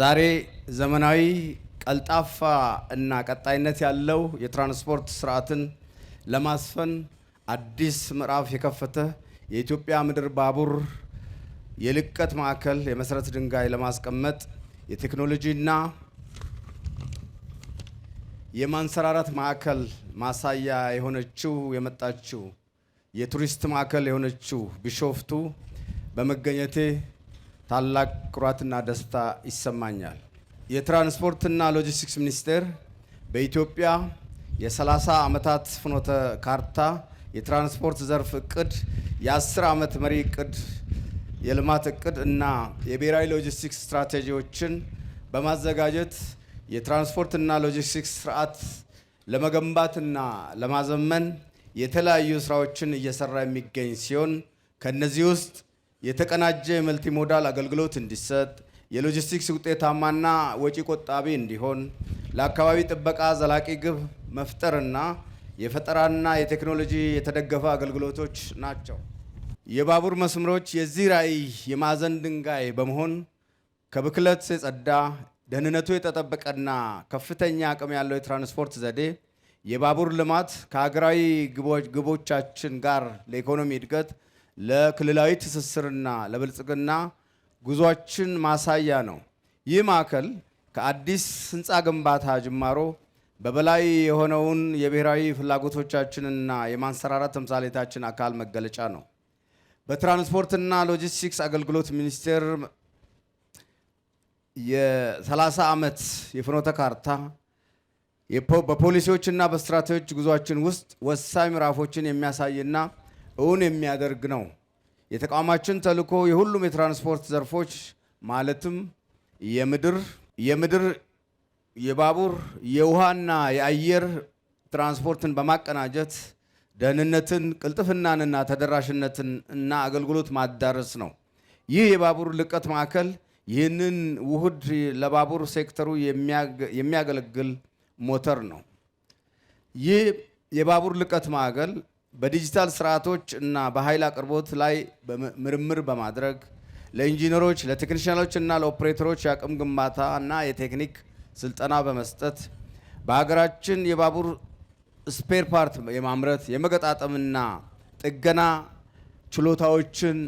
ዛሬ ዘመናዊ ቀልጣፋ እና ቀጣይነት ያለው የትራንስፖርት ስርዓትን ለማስፈን አዲስ ምዕራፍ የከፈተ የኢትዮጵያ ምድር ባቡር የልቀት ማዕከል የመሰረት ድንጋይ ለማስቀመጥ የቴክኖሎጂና የማንሰራራት ማዕከል ማሳያ የሆነችው የመጣችው የቱሪስት ማዕከል የሆነችው ቢሾፍቱ በመገኘቴ ታላቅ ኩራትና ደስታ ይሰማኛል። የትራንስፖርትና ሎጂስቲክስ ሚኒስቴር በኢትዮጵያ የ30 ዓመታት ፍኖተ ካርታ የትራንስፖርት ዘርፍ እቅድ የ10 ዓመት መሪ እቅድ የልማት እቅድ እና የብሔራዊ ሎጂስቲክስ ስትራቴጂዎችን በማዘጋጀት የትራንስፖርትና ሎጂስቲክስ ስርዓት ለመገንባትና ለማዘመን የተለያዩ ስራዎችን እየሰራ የሚገኝ ሲሆን ከነዚህ ውስጥ የተቀናጀ መልቲሞዳል አገልግሎት እንዲሰጥ፣ የሎጂስቲክስ ውጤታማና ወጪ ቆጣቢ እንዲሆን፣ ለአካባቢ ጥበቃ ዘላቂ ግብ መፍጠርና የፈጠራና የቴክኖሎጂ የተደገፈ አገልግሎቶች ናቸው። የባቡር መስመሮች የዚህ ራዕይ የማዕዘን ድንጋይ በመሆን ከብክለት የጸዳ ደህንነቱ የተጠበቀና ከፍተኛ አቅም ያለው የትራንስፖርት ዘዴ የባቡር ልማት ከሀገራዊ ግቦቻችን ጋር ለኢኮኖሚ እድገት ለክልላዊ ትስስርና ለብልጽግና ጉዟችን ማሳያ ነው። ይህ ማዕከል ከአዲስ ህንፃ ግንባታ ጅማሮ በበላይ የሆነውን የብሔራዊ ፍላጎቶቻችንና የማንሰራራት ተምሳሌታችን አካል መገለጫ ነው። በትራንስፖርትና ሎጂስቲክስ አገልግሎት ሚኒስቴር የ30 ዓመት የፍኖተ ካርታ በፖሊሲዎችና በስትራቴጂዎች ጉዟችን ውስጥ ወሳኝ ምዕራፎችን የሚያሳይና እውን የሚያደርግ ነው። የተቋማችን ተልዕኮ የሁሉም የትራንስፖርት ዘርፎች ማለትም የምድር የምድር የባቡር የውሃና የአየር ትራንስፖርትን በማቀናጀት ደህንነትን፣ ቅልጥፍናንና ተደራሽነትን እና አገልግሎት ማዳረስ ነው። ይህ የባቡር ልቀት ማዕከል ይህንን ውህድ ለባቡር ሴክተሩ የሚያገለግል ሞተር ነው። ይህ የባቡር ልቀት ማዕከል በዲጂታል ስርዓቶች እና በኃይል አቅርቦት ላይ ምርምር በማድረግ ለኢንጂነሮች፣ ለቴክኒሽያኖች እና ለኦፕሬተሮች የአቅም ግንባታ እና የቴክኒክ ስልጠና በመስጠት በሀገራችን የባቡር ስፔር ፓርት የማምረት የመገጣጠምና ጥገና ችሎታዎችን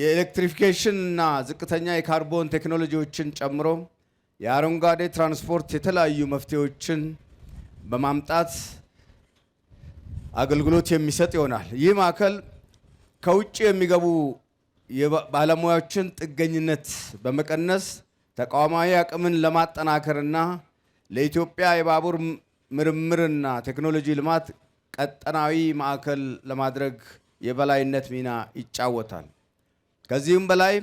የኤሌክትሪፊኬሽን እና ዝቅተኛ የካርቦን ቴክኖሎጂዎችን ጨምሮ የአረንጓዴ ትራንስፖርት የተለያዩ መፍትሄዎችን በማምጣት አገልግሎት የሚሰጥ ይሆናል። ይህ ማዕከል ከውጭ የሚገቡ ባለሙያዎችን ጥገኝነት በመቀነስ ተቋማዊ አቅምን ለማጠናከርና ለኢትዮጵያ የባቡር ምርምርና ቴክኖሎጂ ልማት ቀጠናዊ ማዕከል ለማድረግ የበላይነት ሚና ይጫወታል። ከዚህም በላይ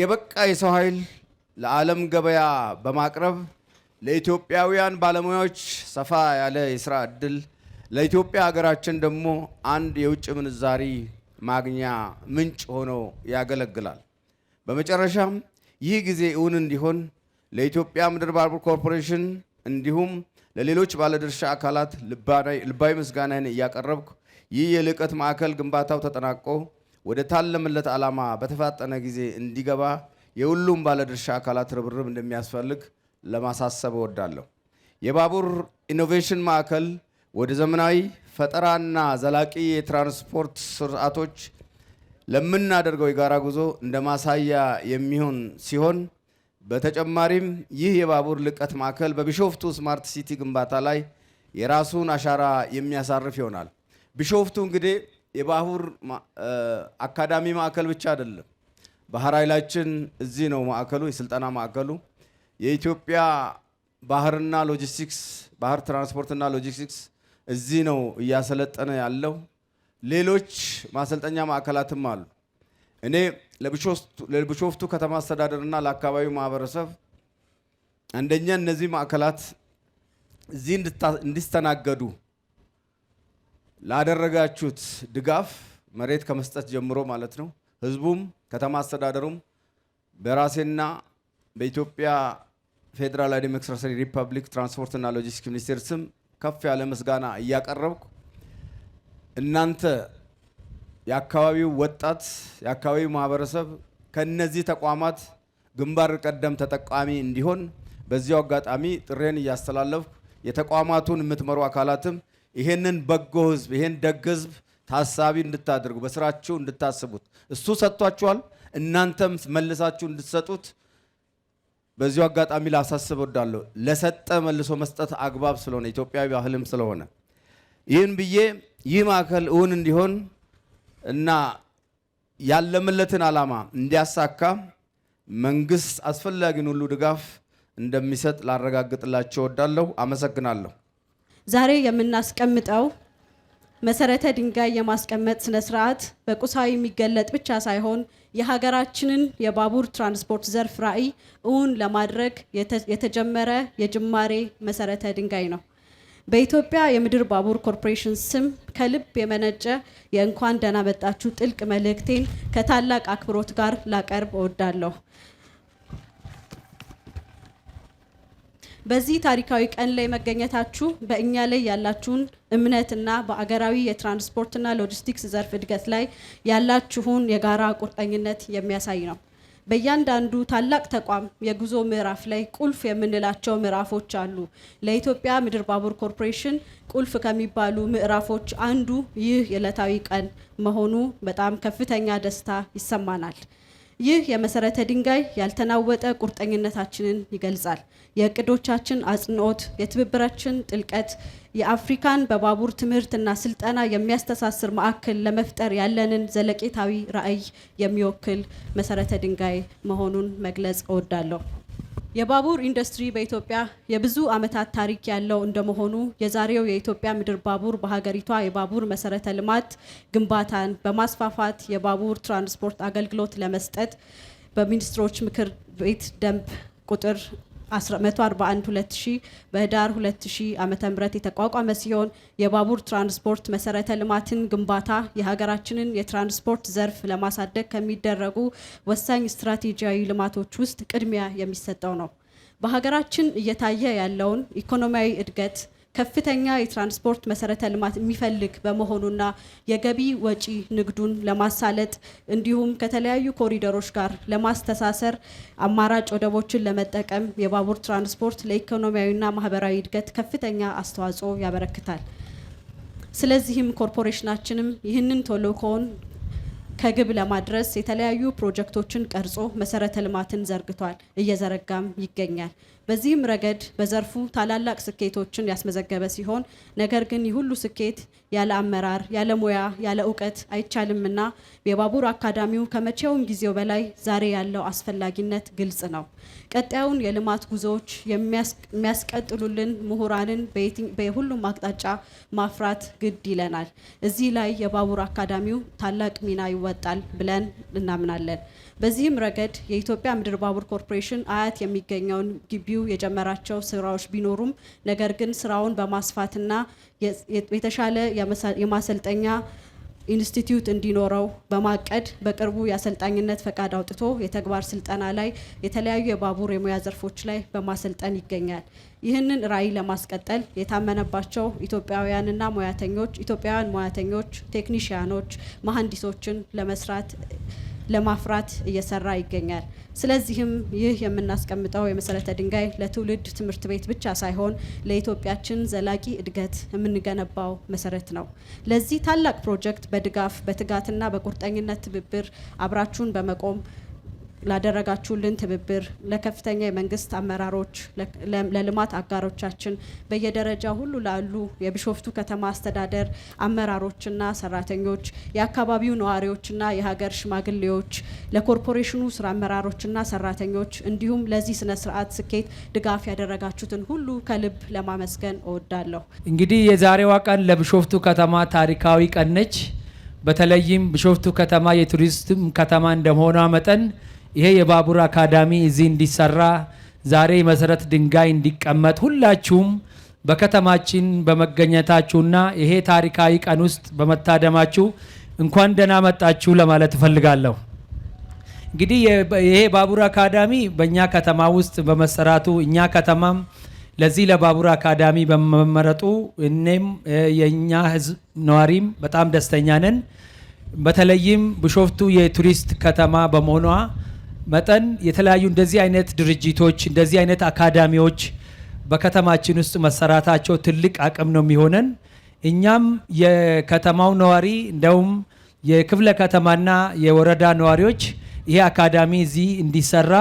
የበቃ የሰው ኃይል ለዓለም ገበያ በማቅረብ ለኢትዮጵያውያን ባለሙያዎች ሰፋ ያለ የስራ ዕድል ለኢትዮጵያ ሀገራችን ደግሞ አንድ የውጭ ምንዛሪ ማግኛ ምንጭ ሆኖ ያገለግላል። በመጨረሻም ይህ ጊዜ እውን እንዲሆን ለኢትዮጵያ ምድር ባቡር ኮርፖሬሽን እንዲሁም ለሌሎች ባለድርሻ አካላት ልባዊ ምስጋናን እያቀረብኩ ይህ የልዕቀት ማዕከል ግንባታው ተጠናቆ ወደ ታለመለት ዓላማ በተፋጠነ ጊዜ እንዲገባ የሁሉም ባለድርሻ አካላት ርብርብ እንደሚያስፈልግ ለማሳሰብ እወዳለሁ። የባቡር ኢኖቬሽን ማዕከል ወደ ዘመናዊ ፈጠራና ዘላቂ የትራንስፖርት ስርዓቶች ለምናደርገው የጋራ ጉዞ እንደ ማሳያ የሚሆን ሲሆን በተጨማሪም ይህ የባቡር ልቀት ማዕከል በቢሾፍቱ ስማርት ሲቲ ግንባታ ላይ የራሱን አሻራ የሚያሳርፍ ይሆናል። ቢሾፍቱ እንግዲህ የባቡር አካዳሚ ማዕከል ብቻ አይደለም። ባህር ኃይላችን እዚህ ነው ማዕከሉ፣ የስልጠና ማዕከሉ። የኢትዮጵያ ባህርና ሎጂስቲክስ ባህር ትራንስፖርትና ሎጂስቲክስ እዚህ ነው እያሰለጠነ ያለው። ሌሎች ማሰልጠኛ ማዕከላትም አሉ። እኔ ለቢሾፍቱ ከተማ አስተዳደርና ለአካባቢው ማህበረሰብ አንደኛ እነዚህ ማዕከላት እዚህ እንዲስተናገዱ ላደረጋችሁት ድጋፍ መሬት ከመስጠት ጀምሮ ማለት ነው። ህዝቡም ከተማ አስተዳደሩም በራሴና በኢትዮጵያ ፌዴራላዊ ዴሞክራሲያዊ ሪፐብሊክ ትራንስፖርትና ሎጂስቲክስ ሚኒስቴር ስም ከፍ ያለ ምስጋና እያቀረብኩ እናንተ የአካባቢው ወጣት የአካባቢው ማህበረሰብ ከነዚህ ተቋማት ግንባር ቀደም ተጠቃሚ እንዲሆን በዚያው አጋጣሚ ጥሬን እያስተላለፍኩ የተቋማቱን የምትመሩ አካላትም ይሄንን በጎ ህዝብ ይሄን ደግ ህዝብ ታሳቢ እንድታደርጉ በስራችሁ እንድታስቡት እሱ ሰጥቷችኋል፣ እናንተም መልሳችሁ እንድትሰጡት በዚሁ አጋጣሚ ላሳስብ ወዳለሁ ለሰጠ መልሶ መስጠት አግባብ ስለሆነ ኢትዮጵያዊ ባህልም ስለሆነ ይህን ብዬ ይህ ማዕከል እውን እንዲሆን እና ያለምለትን ዓላማ እንዲያሳካ መንግስት አስፈላጊን ሁሉ ድጋፍ እንደሚሰጥ ላረጋግጥላቸው ወዳለሁ። አመሰግናለሁ። ዛሬ የምናስቀምጠው መሰረተ ድንጋይ የማስቀመጥ ስነ ስርዓት በቁሳዊ የሚገለጥ ብቻ ሳይሆን የሀገራችንን የባቡር ትራንስፖርት ዘርፍ ራዕይ እውን ለማድረግ የተጀመረ የጅማሬ መሰረተ ድንጋይ ነው። በኢትዮጵያ የምድር ባቡር ኮርፖሬሽን ስም ከልብ የመነጨ የእንኳን ደህና መጣችሁ ጥልቅ መልእክቴን ከታላቅ አክብሮት ጋር ላቀርብ እወዳለሁ። በዚህ ታሪካዊ ቀን ላይ መገኘታችሁ በእኛ ላይ ያላችሁን እምነትና በአገራዊ የትራንስፖርትና ሎጂስቲክስ ዘርፍ እድገት ላይ ያላችሁን የጋራ ቁርጠኝነት የሚያሳይ ነው። በእያንዳንዱ ታላቅ ተቋም የጉዞ ምዕራፍ ላይ ቁልፍ የምንላቸው ምዕራፎች አሉ። ለኢትዮጵያ ምድር ባቡር ኮርፖሬሽን ቁልፍ ከሚባሉ ምዕራፎች አንዱ ይህ የዕለታዊ ቀን መሆኑ በጣም ከፍተኛ ደስታ ይሰማናል። ይህ የመሰረተ ድንጋይ ያልተናወጠ ቁርጠኝነታችንን ይገልጻል። የእቅዶቻችን አጽንኦት፣ የትብብራችን ጥልቀት፣ የአፍሪካን በባቡር ትምህርትና ስልጠና የሚያስተሳስር ማዕከል ለመፍጠር ያለንን ዘለቄታዊ ራዕይ የሚወክል መሰረተ ድንጋይ መሆኑን መግለጽ እወዳለሁ። የባቡር ኢንዱስትሪ በኢትዮጵያ የብዙ ዓመታት ታሪክ ያለው እንደመሆኑ የዛሬው የኢትዮጵያ ምድር ባቡር በሀገሪቷ የባቡር መሰረተ ልማት ግንባታን በማስፋፋት የባቡር ትራንስፖርት አገልግሎት ለመስጠት በሚኒስትሮች ምክር ቤት ደንብ ቁጥር 141 2000 በህዳር 2000 ዓ.ም የተቋቋመ ሲሆን የባቡር ትራንስፖርት መሰረተ ልማትን ግንባታ የሀገራችንን የትራንስፖርት ዘርፍ ለማሳደግ ከሚደረጉ ወሳኝ ስትራቴጂያዊ ልማቶች ውስጥ ቅድሚያ የሚሰጠው ነው። በሀገራችን እየታየ ያለውን ኢኮኖሚያዊ እድገት ከፍተኛ የትራንስፖርት መሰረተ ልማት የሚፈልግ በመሆኑና የገቢ ወጪ ንግዱን ለማሳለጥ እንዲሁም ከተለያዩ ኮሪደሮች ጋር ለማስተሳሰር አማራጭ ወደቦችን ለመጠቀም የባቡር ትራንስፖርት ለኢኮኖሚያዊና ማህበራዊ እድገት ከፍተኛ አስተዋጽኦ ያበረክታል። ስለዚህም ኮርፖሬሽናችንም ይህንን ተልዕኮውን ከግብ ለማድረስ የተለያዩ ፕሮጀክቶችን ቀርጾ መሰረተ ልማትን ዘርግቷል፣ እየዘረጋም ይገኛል። በዚህም ረገድ በዘርፉ ታላላቅ ስኬቶችን ያስመዘገበ ሲሆን ነገር ግን ይህ ሁሉ ስኬት ያለ አመራር፣ ያለ ሙያ፣ ያለ እውቀት አይቻልምና የባቡር አካዳሚው ከመቼውም ጊዜው በላይ ዛሬ ያለው አስፈላጊነት ግልጽ ነው። ቀጣዩን የልማት ጉዞዎች የሚያስቀጥሉልን ምሁራንን በሁሉም አቅጣጫ ማፍራት ግድ ይለናል። እዚህ ላይ የባቡር አካዳሚው ታላቅ ሚና ይወጣል ብለን እናምናለን። በዚህም ረገድ የኢትዮጵያ ምድር ባቡር ኮርፖሬሽን አያት የሚገኘውን ግቢው የጀመራቸው ስራዎች ቢኖሩም ነገር ግን ስራውን በማስፋትና የተሻለ የማሰልጠኛ ኢንስቲትዩት እንዲኖረው በማቀድ በቅርቡ የአሰልጣኝነት ፈቃድ አውጥቶ የተግባር ስልጠና ላይ የተለያዩ የባቡር የሙያ ዘርፎች ላይ በማሰልጠን ይገኛል። ይህንን ራዕይ ለማስቀጠል የታመነባቸው ኢትዮጵያውያንና ሙያተኞች ኢትዮጵያውያን ሙያተኞች፣ ቴክኒሽያኖች፣ መሀንዲሶችን ለመስራት ለማፍራት እየሰራ ይገኛል። ስለዚህም ይህ የምናስቀምጠው የመሰረተ ድንጋይ ለትውልድ ትምህርት ቤት ብቻ ሳይሆን ለኢትዮጵያችን ዘላቂ እድገት የምንገነባው መሰረት ነው። ለዚህ ታላቅ ፕሮጀክት በድጋፍ በትጋትና በቁርጠኝነት ትብብር አብራችሁን በመቆም ላደረጋችሁልን ትብብር፣ ለከፍተኛ የመንግስት አመራሮች፣ ለልማት አጋሮቻችን፣ በየደረጃ ሁሉ ላሉ የቢሾፍቱ ከተማ አስተዳደር አመራሮችና ሰራተኞች፣ የአካባቢው ነዋሪዎችና የሀገር ሽማግሌዎች፣ ለኮርፖሬሽኑ ስራ አመራሮችና ሰራተኞች እንዲሁም ለዚህ ስነ ስርዓት ስኬት ድጋፍ ያደረጋችሁትን ሁሉ ከልብ ለማመስገን እወዳለሁ። እንግዲህ የዛሬዋ ቀን ለቢሾፍቱ ከተማ ታሪካዊ ቀን ነች። በተለይም ቢሾፍቱ ከተማ የቱሪስትም ከተማ እንደመሆኗ መጠን ይሄ የባቡር አካዳሚ እዚህ እንዲሰራ ዛሬ መሰረት ድንጋይ እንዲቀመጥ ሁላችሁም በከተማችን በመገኘታችሁና ይሄ ታሪካዊ ቀን ውስጥ በመታደማችሁ እንኳን ደህና መጣችሁ ለማለት እፈልጋለሁ። እንግዲህ ይሄ ባቡር አካዳሚ በእኛ ከተማ ውስጥ በመሰራቱ እኛ ከተማም ለዚህ ለባቡር አካዳሚ በመመረጡ እኔም የእኛ ህዝብ ነዋሪም በጣም ደስተኛ ነን። በተለይም ብሾፍቱ የቱሪስት ከተማ በመሆኗ መጠን የተለያዩ እንደዚህ አይነት ድርጅቶች እንደዚህ አይነት አካዳሚዎች በከተማችን ውስጥ መሰራታቸው ትልቅ አቅም ነው የሚሆነን። እኛም የከተማው ነዋሪ እንደውም የክፍለ ከተማና የወረዳ ነዋሪዎች ይሄ አካዳሚ እዚህ እንዲሰራ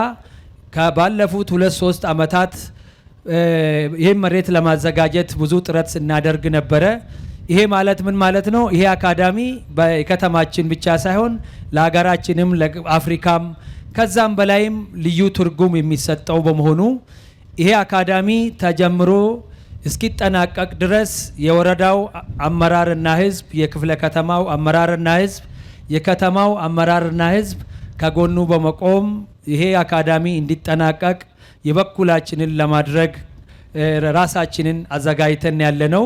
ከባለፉት ሁለት ሶስት ዓመታት ይህም መሬት ለማዘጋጀት ብዙ ጥረት ስናደርግ ነበረ። ይሄ ማለት ምን ማለት ነው? ይሄ አካዳሚ በከተማችን ብቻ ሳይሆን ለሀገራችንም ለአፍሪካም ከዛም በላይም ልዩ ትርጉም የሚሰጠው በመሆኑ ይሄ አካዳሚ ተጀምሮ እስኪጠናቀቅ ድረስ የወረዳው አመራርና ህዝብ፣ የክፍለ ከተማው አመራርና ህዝብ፣ የከተማው አመራርና ህዝብ ከጎኑ በመቆም ይሄ አካዳሚ እንዲጠናቀቅ የበኩላችንን ለማድረግ ራሳችንን አዘጋጅተን ያለ ነው።